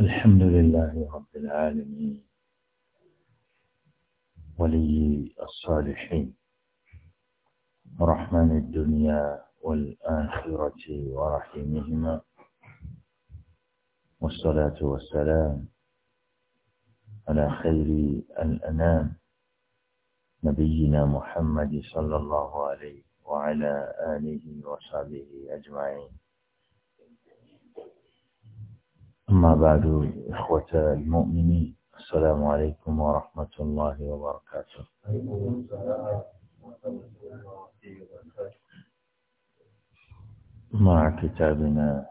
الحمد لله رب العالمين ولي الصالحين رحمن الدنيا والآخرة ورحيمهما والصلاة والسلام على خير الأنام نبينا محمد صلى الله عليه وعلى آله وصحبه أجمعين أما بعد إخوة المؤمنين السلام عليكم ورحمة الله وبركاته مع كتابنا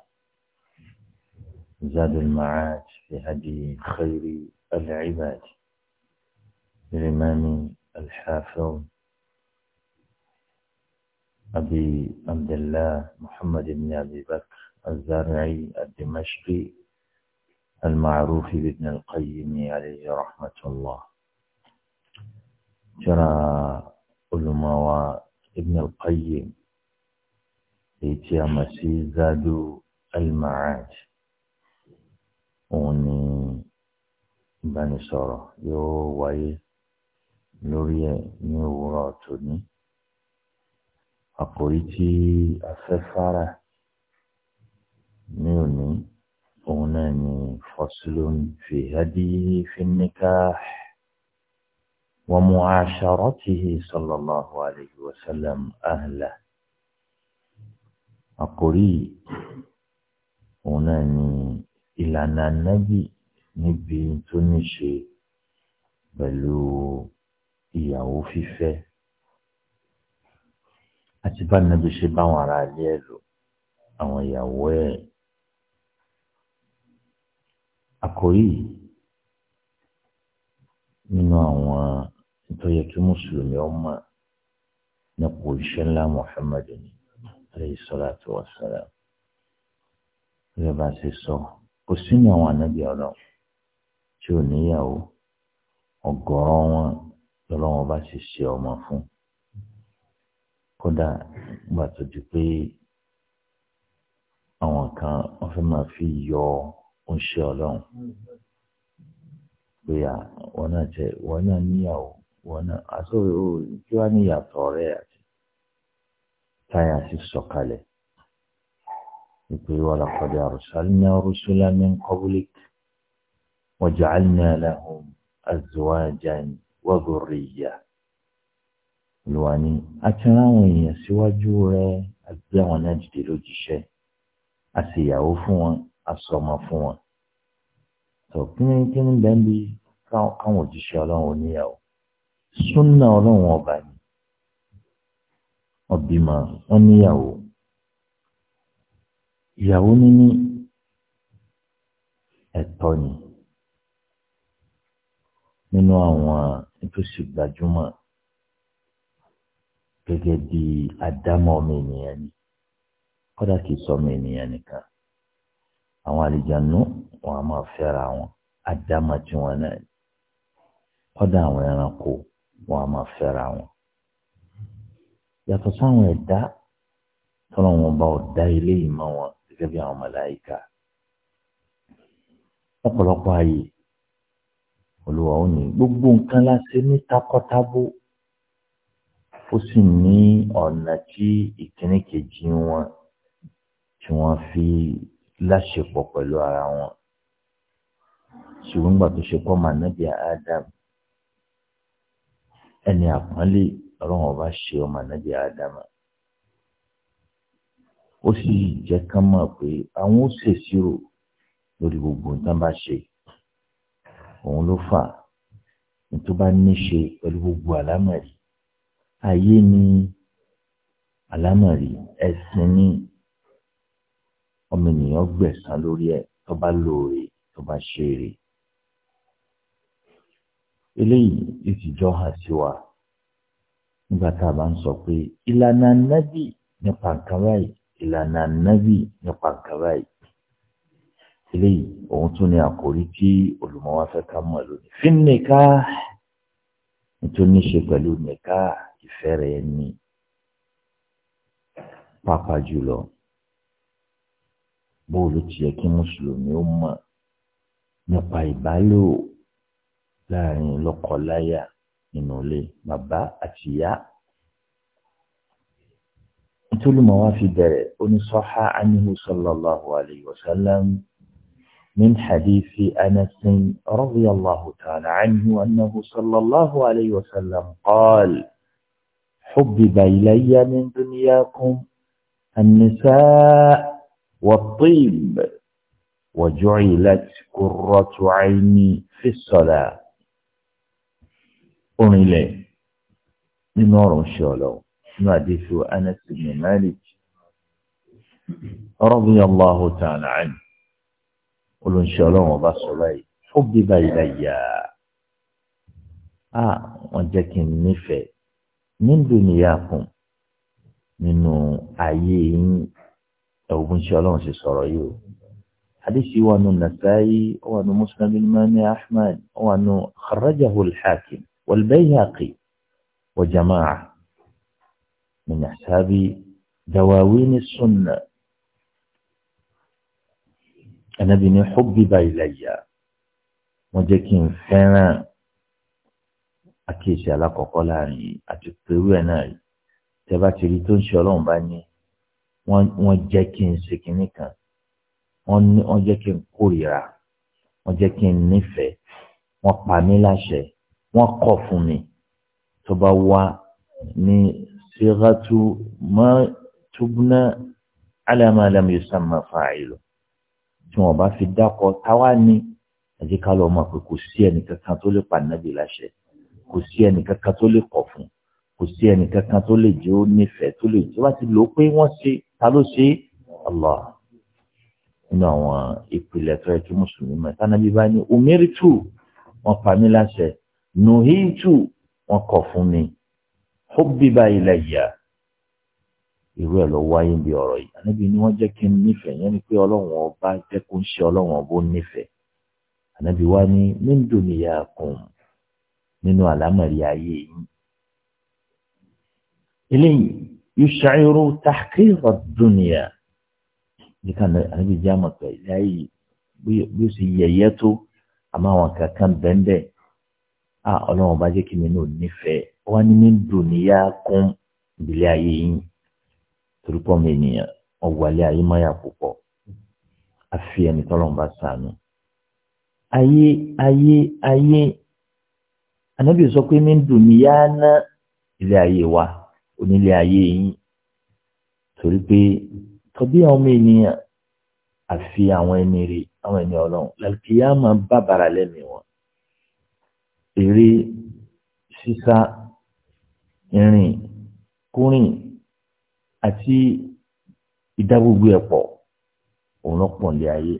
زاد المعاد في هدي خير العباد للإمام الحافظ أبي عبد الله محمد بن أبي بكر الزرعي الدمشقي المعروف بابن القيم عليه رحمة الله ترى علماء ابن القيم ètí a mọ̀ sí zadu almaraj òun ni ìbánisọ̀rọ̀ yóò wáyé lórí ẹ̀ ní òwúrọ̀ tòní àkòrí tí a fẹ́ fara ní òní òun náà ni faslun fi hadihi fi nikah wa mu'asharatihi sallallahu alayhi wa sallam ahla àkórí òun náà ni ìlànà nábì níbi tó ní ṣe pẹ̀lú ìyàwó fífẹ́ àti bá nàbí ṣe báwọn ará ilé ẹ̀ lò àwọn ìyàwó ẹ̀ àkórí yìí nínú àwọn tó yẹ kí mùsùlùmí ọmọ nípa òṣìṣẹ́ ńlá muhammadu ni alayhi salatu wa salam gẹ́gẹ́ bá ṣe sọ kò sínú àwọn ànábì ọlọ́run tí ò níyàwó ọ̀gọ̀rọ̀ wọn lọ́lọ́wọ́n bá ṣe ṣe ọmọ fún kódà gbà pé àwọn kan wọ́n fẹ́ máa fi yọ ọ́ ó ń ṣe ọlọ́run pé à wọn náà jẹ wọn náà níyàwó wọn náà àtúrò kí wàá níyàtọ̀ ọ̀rẹ́ àti táyà sì sọ̀kalẹ̀ ìpè wàlá kọjá arsalna rusulan min qablik wa ja'alna lahum azwajan wa dhurriyya olùwà ni a ti rán àwọn èèyàn síwájú rẹ àgbẹ̀ náà dìde lójíṣẹ́ a sì fún wọn asọmọ fún wọn tó kíni kíni bẹ́ẹ̀ bí káwọn òjíṣẹ́ ọlọ́run oníyàwó súnà ọlọ́run ọba ni ọbìmọ wọn níyàwó ìyàwó níní ẹ̀tọ́ ni nínú àwọn nítòsí gbajúmọ̀ gẹ́gẹ́ bí adámọ̀ ọmọ ènìyàn ni kódà kìí sọ ọmọ ènìyàn nìkan àwọn àlìjànú wọn a máa fẹ́ra wọn àdámọ̀ tí wọn náà kọ́dà àwọn ẹranko wọn a máa fẹ́ra wọn. yàtọ̀ sáwọn ẹ̀dá tọ́lọ́ wọn bá ọ̀dá ilé ìmọ̀ wọn gẹ́gẹ́ bí àwọn màláíkà. ọ̀pọ̀lọpọ̀ ààyè olùwà ó ní gbogbo nǹkan láti ní takọ́tábó ó sì ní ọ̀nà tí ìkíní kejì wọn tí wọ́n fi láṣepọ̀ pẹ̀lú ara wọn ṣùgbọ́n gbà tó ṣe kọ́ máa nábì Adam ẹni àpọ́nlé ọlọ́run ọba ṣe ọmọ nábì Adam ó sì jẹ́ ká mọ̀ pé àwọn ó ṣèṣirò lórí gbogbo nǹkan bá ṣe òun ló fà nítorí bá ní ṣe pẹ̀lú gbogbo àlámọ̀rí ayé ni àlámọ̀rí ẹ̀sìn ni ọmọ ènìyàn gbẹ̀san lórí ẹ̀ tó bá lóore ṣe eléyìí ìtìjọ́ hàn sí wa nígbà tá a bá ń sọ pé ìlànà nábì nípa nǹkan báyìí ìlànà nábì nípa nǹkan báyìí eléyìí òun tún ní àkórí tí olùmọ wa fẹ ká mọ̀ lónìí fi nìka nítorí ní ṣe bó ló ti yẹ kí mùsùlùmí ó mọ̀ nípa ìbálò láàrin lọ́kọláya nínú ilé bàbá àti ìyá. ìtúlùmọ̀ wá fi bẹ̀rẹ̀ ó ní sọ́há ánìhù sallallahu alayhi wa sallam من حديث أنس رضي الله تعالى عنه أنه صلى الله عليه وسلم قال حبب إلي من دنياكم النساء والطيب وجعلت قرة عيني في الصلاة أنيلي من نور شولو حديث أنس بن مالك رضي الله تعالى عنه قل إن شاء الله وبصري حبب إلي آه وجكن نفي من دنياكم من أيين ẹ̀wù bí ń ṣe ọlọ́run ṣe sọ̀rọ̀ yìí o hadisi wà nù Nasa'i wà nù Muslim ilmami Ahmad wà nù kharajahu al-Hakim wal-Bayhaqi wa jama'a min ahsabi dawawin sunna anabi ni hubbiba ilayya wọ́n jẹ́ kí n fẹ́ràn àkíyèsí alákọ̀ọ́kọ́ láàrin àti pẹ̀lú ẹ̀ náà tẹ́ bá ti rí tó ń ṣe ọlọ́run bá ní wọ́n jẹ́ kí n ṣe kinní kan wọ́n jẹ́ kí n kórìíra wọ́n jẹ́ kí n nífẹ̀ẹ́ wọ́n pa mí láṣẹ wọ́n kọ̀ fún mi tó bá wá ní síratú mọ́ túbúná alámàlámà yóò sàmà fàáìlò tí wọ́n bá fi dákọ̀ táwa ní àti ká pé kò sí ẹnìkankan tó lè pa nábì láṣẹ kò sí ẹnìkankan tó lè kọ̀ fún un kò sí ẹnìkankan tó lè jẹ́ ó nífẹ̀ẹ́ tó lè jẹ́ wá ti lò ó pé wọ́n ṣe ta ló ṣe Allah nínú àwọn ìpìlẹ̀ tó yẹ kí mùsùlùmí mọ̀ tánàbí bá ní umiritu wọ́n pa mí láṣẹ nuhitu wọ́n kọ̀ fún mi hubbiba ilayya irú ẹ̀ lọ wáyé bí ọ̀rọ̀ yìí ànábì ni wọ́n jẹ́ kí n nífẹ̀ẹ́ yẹn ni pé ọlọ́run ọba jẹ́ ń ṣe ọlọ́run ọba nífẹ̀ẹ́ ànábì wá ní min duniyakum nínú àlámọ̀rí ayé yìí eléyìí yushairu tahqiqa dunya ní ká ànábì jáàmù pé ilé ayé bí ó ṣe yẹyẹ tó àmọ́ àwọn kankan bẹ́ẹ̀ a ọlọ́run bá jẹ́ kí mi náà nífẹ̀ẹ́ wọ́n ní ní dunya kún ìdílé ayé yín torí pọ́ mi ènìyàn ọ̀wálé ayé máyà púpọ̀ àfi ẹni tọ́lọ́run bá sànù ayé ayé ayé ànábì sọ pé ní dunya ná ilé ayé wa onílé ayé yín torí pé tọ́bí àwọn ọmọ ènìyàn àfi àwọn ẹni rè àwọn ẹni ọlọ́run lálùkìyà máa bàbàrà lẹ́mìí wọn eré sísá ìrìn kúrìn àti ìdágbógbó ẹ̀pọ̀ òun lọ́pọ̀ ní ayé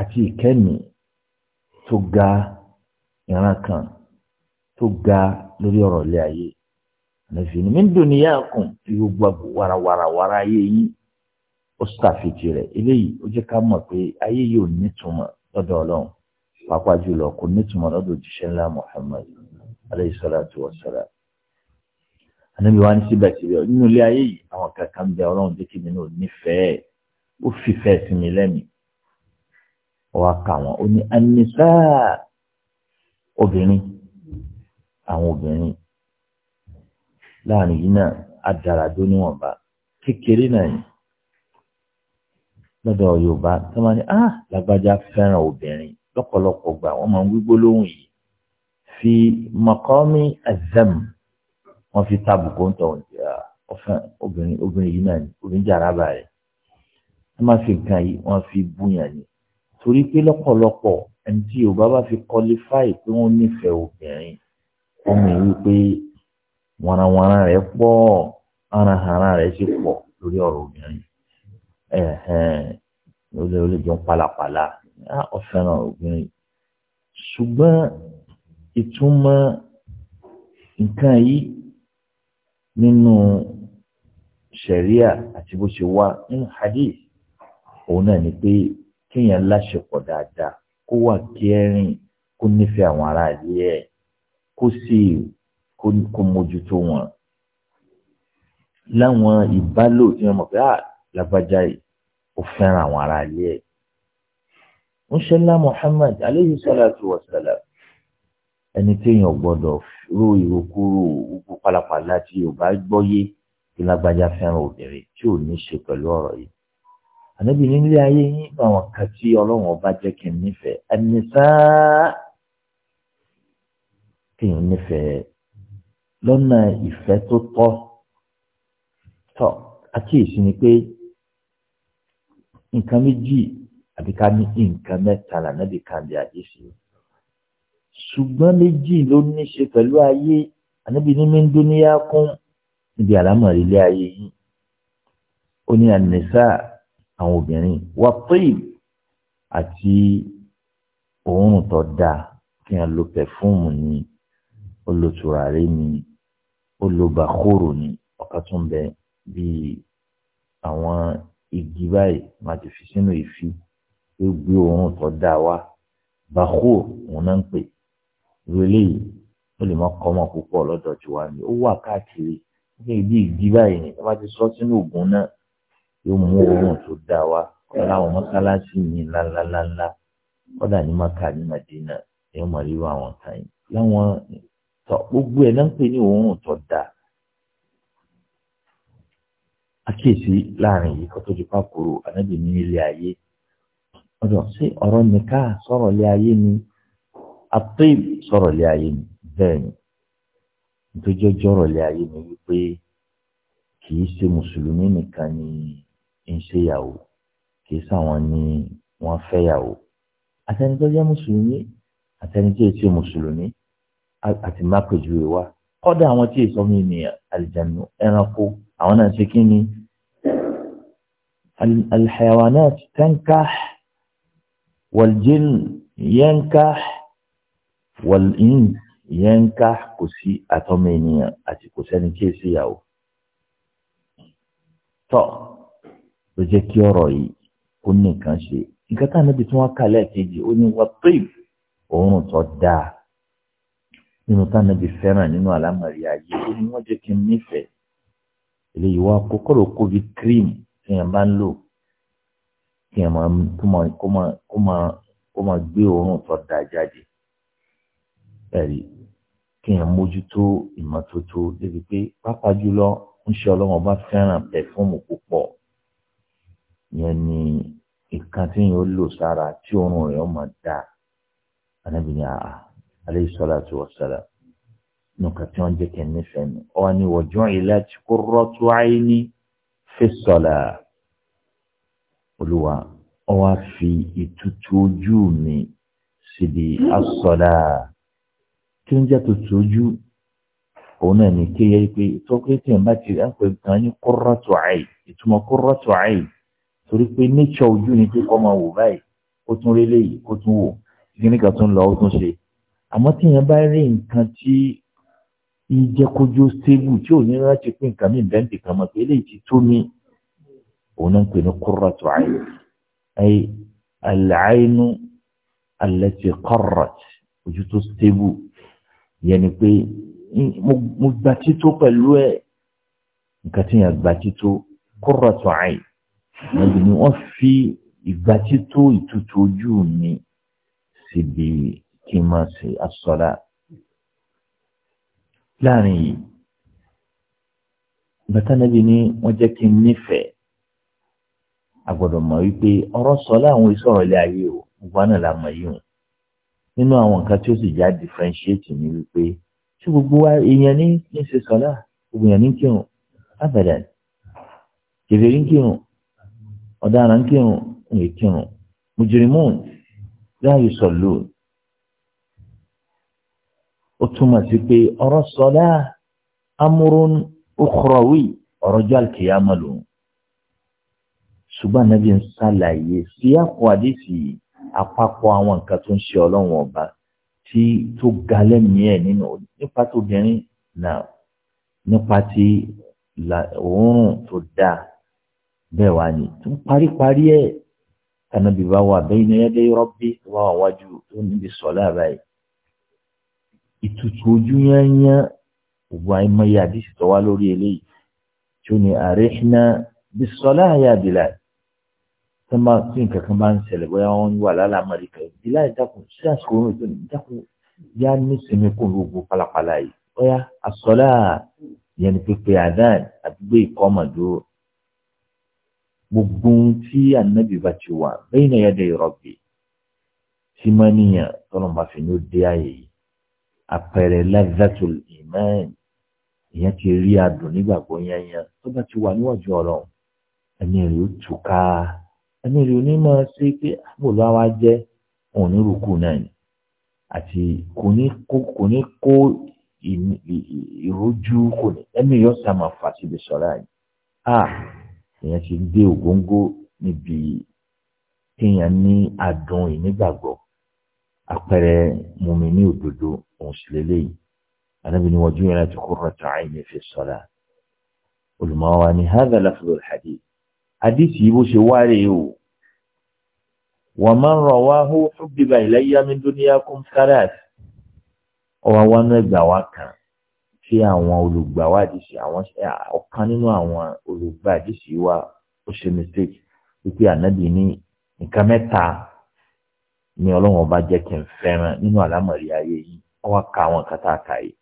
àti ìkẹ́mi tó ga ìran kan tó ga lórí ọ̀rọ̀ ilé ayé ànàfi ni mí ń dùn níyà kùn ìwò gbàgbó wàràwàràwàrà ayé yín ó ṣàfihàn rẹ̀ eléyìí ó jẹ́ ká mọ̀ pé ayé yìí ò nítumọ̀ lọ́dọ̀ Ọlọ́run pàápàá jùlọ kò nítumọ̀ lọ́dọ̀ òjíṣẹ́ ńlá Muhammad alayhi salatu wa salam ànábi wa ní síbẹ̀síbẹ̀ nínú ilé ayé yìí àwọn kankan bẹ Ọlọ́run jẹ́ kí mi náà nífẹ̀ẹ́ ó fìfẹ́ sí mi lẹ́mìí ó wá ó ní anisa obìnrin àwọn obìnrin láàrin yìí náà á dára dó níwọ̀nba kékeré náà yìí lọ́dọ̀ Yorùbá tó máa ní ah lágbájá fẹ́ràn obìnrin lọ́pọ̀lọpọ̀ gbà wọ́n máa ń wí gbólóhùn yìí fi mọ̀kọ́mí azam wọ́n fi tábùkù ń tọ̀ ah, ọ̀fẹ́ obìnrin obìnrin yìí náà ni obìnrin jàrá bàrẹ̀ wọ́n máa fi nǹkan yìí wọ́n fi búyàn ni torí pé lọ́pọ̀lọpọ̀ ẹni tí Yorùbá bá fi kọlifáì pé wọ́n nífẹ̀ẹ́ obìnrin ó mú wípé wọnàwọnà rẹ̀ pọ̀ arahara rẹ̀ sì pọ̀ lórí ọ̀rọ̀ obìnrin lórí olùjọ pálapàla ọ̀fẹ́ràn obìnrin ṣùgbọ́n ìtumọ̀ nǹkan yìí nínú ṣẹ̀ríà àti bó ṣe wá nínú hadith òun náà ni pé kéèyàn láṣepọ̀ dáadáa kó wà kí kó nífẹ̀ẹ́ àwọn ará ẹ̀ kó sì kó mójútó wọn láwọn ìbálò tí wọ́n mọ̀ pé à ah, lágbájá yìí ó fẹ́ràn àwọn ará ilé ẹ̀ ńṣẹ́lá Muhammad aleyhi salatu wa salam ẹni téèyàn gbọ́dọ̀ ró ìrokúrò gbogbo pálapàla tí yorùbá gbọ́yé kí lágbájá fẹ́ràn obìnrin tí ò ní ṣe pẹ̀lú ọ̀rọ̀ yìí ànábì nílé ayé yín àwọn kan tí ọlọ́run ọba jẹ́ kí n nífẹ̀ẹ́ ẹni sáá kéèyàn nífẹ̀ẹ́ lọ́nà ìfẹ́ tó tọ́ tọ́ àkíyèsí ni pé nǹkan méjì àbí ká ní nǹkan mẹ́ta lànàbí kan lè àdéṣe ṣùgbọ́n méjì ló ní ṣe pẹ̀lú ayé ànábì ní mi ń dún níyà kún níbi àlámọ̀ ilé ayé yìí ó ní ànẹ́sà àwọn obìnrin wà péye àti òórùn tó dáa kí wọ́n lo pẹ̀fúùmù ní ó lo tùràrí ni ó lo bàkóró ni ọ̀ká tún bẹ bíi àwọn igi báyìí máa ti fi sínú ìfi tó gbé òórùn tó dáa wá bàkóró òun náà ń pè irú eléyìí ó lè má kọ́ mọ̀ púpọ̀ lọ́dọ̀ tiwa ni ó wà káàkiri ní ibi ìdí báyìí ni wọ́n ti sọ sínú ògùn náà yóò mú oorun tó dáa wá kọ́lá àwọn mọ́sálásí mi ńláńláńlá kọ́dà ní maka ní madina ẹ̀ mọ̀ rírú àwọn kan láwọn tọ́ gbogbo ẹ̀ náà ń pè ní òórùn tó dáa àkíyèsí láàrin yìí kó tó di pákòrò ànábì ní ilé ayé ọ̀dọ̀ sí ọ̀rọ̀ nìka sọ̀rọ̀ lé ayé ni àtẹ́yìn sọ̀rọ̀ lé ayé ni bẹ́ẹ̀ ni nítorí jọ̀rọ̀ lé ayé ni wípé kì í ṣe mùsùlùmí nìkan ni ń ṣèyàwó kì í ṣàwọn ni wọ́n fẹ́yàwó àtẹnitọ́ mùsùlùmí àtẹnitọ́ jẹ́ mùsùlùmí àti mákòjúwe wa kọ́dà àwọn tí èso mi ní àlìjànú ẹranko àwọn náà ṣe kí ni alhayawanat tankah waljin yankah walin yankah kò sí àtọ́mọ ènìyàn àti kò sẹ́ni tí èso ìyàwó. tọ́ ló jẹ́ kí ọ̀rọ̀ yìí kó ní ṣe nǹkan tá a níbi tí wọ́n kà lẹ́ẹ̀kejì ó ní wọ́n pè òórùn tó dáa nínú tánàbí fẹ́ràn nínú àlámọ̀rí ayé ó ní wọ́n jẹ́ kí n nífẹ̀ẹ́ eléyìí wá kó kọ́rọ̀ kóbi cream tí yẹn bá ń lò kí yẹn máa kó máa kó máa kó gbé òórùn tó da jáde ẹ̀rí kí yẹn mójútó ìmọ́tótó débi pé pápá jùlọ ń ṣe ọlọ́wọ́n bá fẹ́ràn pẹ̀fúmù púpọ̀ yẹn ni ìkan tí yẹn ó lò sára tí òórùn rẹ̀ ó máa da ànábìyàn àá aleyhi salatu wa salam nǹkan tí wọ́n jẹ́ kí n nífẹ̀ẹ́ mi ọ ni wọ̀jọ́ ilé tí kò rọ́tú àìní fi sọ̀la olúwa ọ wá fi ìtutù ojú mi síbi asọ̀la kí n jẹ́ tutù ojú òun náà ní kí yẹ pé tọ́kítì ẹ̀ bá ti ẹ̀ pé gan ni kò rọ́tú ìtumọ̀ kò rọ́tú àì torí pé nature ojú ni pé kọ́ máa wò báyìí ó tún rí léyìí ó tún wò kíníkà tún lọ ó tún ṣe àmọ́ tí yẹn bá rí nǹkan tí ìjẹkojú stable tí ò ní rántí pé nǹkan mi bẹ́ẹ̀ nìkan mọ̀ pé eléyìí ti tó mi òun náà ń pè ní qurratu ayn ay al-aynu allati qarrat ojú tó stable yẹn ni pé mo gba tító pẹ̀lú ẹ̀ nǹkan tí yẹn gba tító qurratu ayn wọ́n fi ìgbà tító ìtutù ojú mi síbi kí n máa ṣe àsọlá. láàrin yìí bàtà nàbí ni wọ́n jẹ́ kí n nífẹ̀ẹ́ àgbọ́dọ̀ mọ̀ wípé ọ̀rọ̀ sọlá àwọn ìsọ̀rọ̀ ilé ayé o gbogbo àná la mọ̀ yìí o nínú àwọn nǹkan tí ó sì já differentiate ni wípé tí gbogbo wa èèyàn ní ní ṣe sọlá gbogbo èèyàn ní kírun abẹ́rẹ́ kèfèrí ń kírun ọ̀daràn ń kírun ń kírun mùjìrìmù láàyè sọ̀lù ó túmọ̀ sí pé ọ̀rọ̀ sọlá amúrún okòrọ̀wì ọ̀rọ̀ jọ àlùkìyàmọ̀ lòun ṣùgbọ́n ànábì ń ṣàlàyé sí àpò àdìsí àpapọ̀ àwọn nǹkan tó ń ṣe ọlọ́run ọba tí tó ga lẹ́mìí ẹ̀ nínú nípa tó obìnrin náà nípa ti òórùn tó dáa bẹ́ẹ̀ wá ní tó ń paríparí ẹ̀ kànábì bá wà bẹ́ẹ̀ ní ẹ̀dẹ́ rọ́bì wà wájú tó níbi sọ̀lá báyìí ìtutù ojú yányán ògbó àìmọye àdìsí tó wá lórí eléyìí tí ó ní àrẹ́hìnà bisola ayé Bilal tó máa tí nǹkan kan máa ń ṣẹlẹ̀ bóyá wọ́n wà lálẹ́ amẹ́ríkà Bilal dákun sí àsìkò oorun ìtọ́ni dákun yá ní sinmi kún gbogbo pálapàla yìí bóyá àsọlá yẹn ni pípé adán àdúgbò ìkọ́mọ̀dó gbogbo tí ànábì bá ti wà bẹ́ẹ̀ ni ẹ̀yà dẹ̀ rọ̀bì tí máa níyàn tọ́lọ́mọba fi ó dé ààyè yìí àpẹẹrẹ lazzatul iman ìyẹn ti rí adùn nígbàgbọ́ yányán tó bá ti wà níwájú ọ̀rọ̀ ẹni rí ó tù ká ẹni rí onímọ̀ sí pé àbòlù ah, àwa jẹ́ òun náà ni àti kò ní kó ìrójú kò ní ẹni yóò sàmà fàṣìbì sọ̀rọ̀ àyè a ah, ìyẹn ti dé ògóńgó níbi kéèyàn ní adùn ìnígbàgbọ́ àpẹẹrẹ mùmíní òdodo òun sì lélẹ́yìí anábì ni wọ́n ju yẹn láti qurratu ayni fi salat olùmọ̀wá ni hadha lafdhul hadith hadisi bó ṣe wáre o wa man rawahu hubbiba ilayya min dunyakum karat ọwọ́ wa náà gbà wá kan tí àwọn olùgbàwá àdìsí àwọn ọ̀kan nínú àwọn olùgbà àdìsí wa ó ṣe mistake wípé ànábì ní nǹkan mẹ́ta ni ọlọ́run ọba jẹ́ kí n fẹ́ràn nínú àlámọ̀rí ayé yìí ọwọ́ ka àwọn nǹkan tá a kà yìí.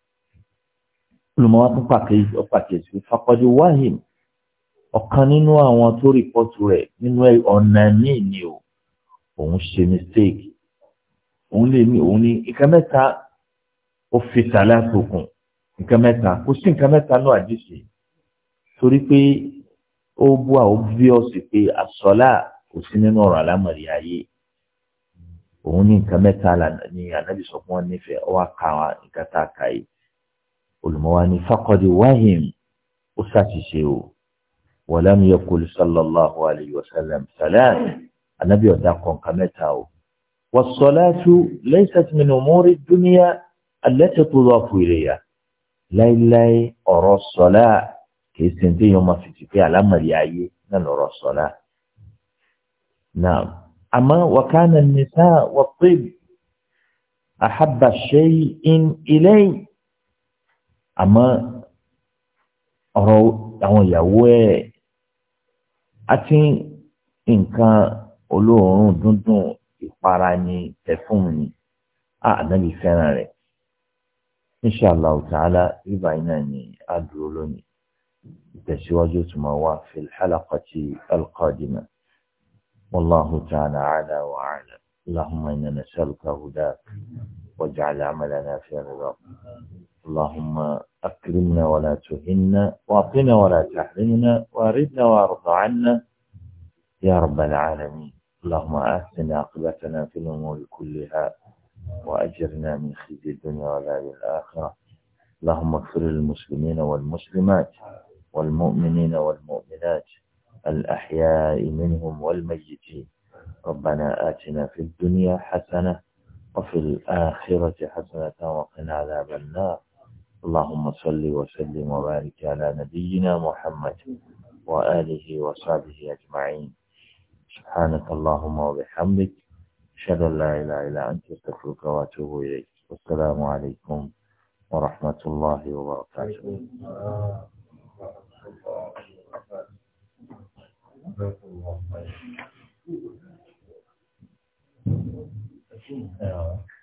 olùmọ̀ wa tún pàkíyèsí ọ̀pàkíyèsí fapọ́jú wáhìm ọ̀kan nínú àwọn tó rìpọ́tù rẹ̀ nínú ọ̀nà míì ni o òun ṣe mistake òun lè ní òun ní nǹkan mẹ́ta ó fi sàlẹ̀ àtòkùn nǹkan mẹ́ta kò sí nǹkan mẹ́ta náà àdìsí torí pé ó bú àwọn obvious pé àsọlá kò sí nínú ọ̀rọ̀ àlámọ̀rí ayé òun ní nǹkan mẹ́ta ní ànábì sọ fún wọn nífẹ̀ẹ́ ọwọ́ ká wa nǹkan tá a kà yìí olùmọ̀wá ní faqadi wahim ó ṣàṣìṣe o walam yaqul sallallahu alayhi wa sallam salam ànábì ọ̀dà kọ nǹkan mẹ́ta o wassalatu laysat min umuri dunya allati tudafu láíláí ọ̀rọ̀ sọlá kìí ṣe ní fìtìpé alámọ̀rí ayé náà lọ́rọ̀ sọlá náà àmọ́ wàkánà nìta wàtíb àhábà ṣe in ilé àmọ́ ọ̀rọ̀ àwọn ìyàwó ẹ̀ àti nǹkan olóòórùn dúndùn ìpara ni ẹ̀fún ni ànábì fẹ́ràn rẹ̀ inṣàlá ta'ala ibà iná ni a dúró lónìí ìtẹ̀síwájú tó máa wá fil halaqati al-qadima. والله تعالى أعلى وأعلم اللهم إنا نسألك هداك واجعل عملنا في رضاك اللهم أكرمنا ولا تهنا واعطنا ولا تحرمنا واردنا وارض عنا يا رب العالمين اللهم أحسن عاقبتنا في الأمور كلها وأجرنا من خزي الدنيا والآخرة الآخرة اللهم اغفر للمسلمين والمسلمات والمؤمنين والمؤمنات الأحياء منهم والميتين ربنا آتنا في الدنيا حسنة وفي الآخرة حسنة وقنا عذاب النار اللهم صل وسلم وبارك على نبينا محمد وآله وصحبه أجمعين سبحانك اللهم وبحمدك أشهد أن لا إله إلا أنت أستغفرك وأتوب إليك والسلام عليكم ورحمة الله وبركاته Thank you.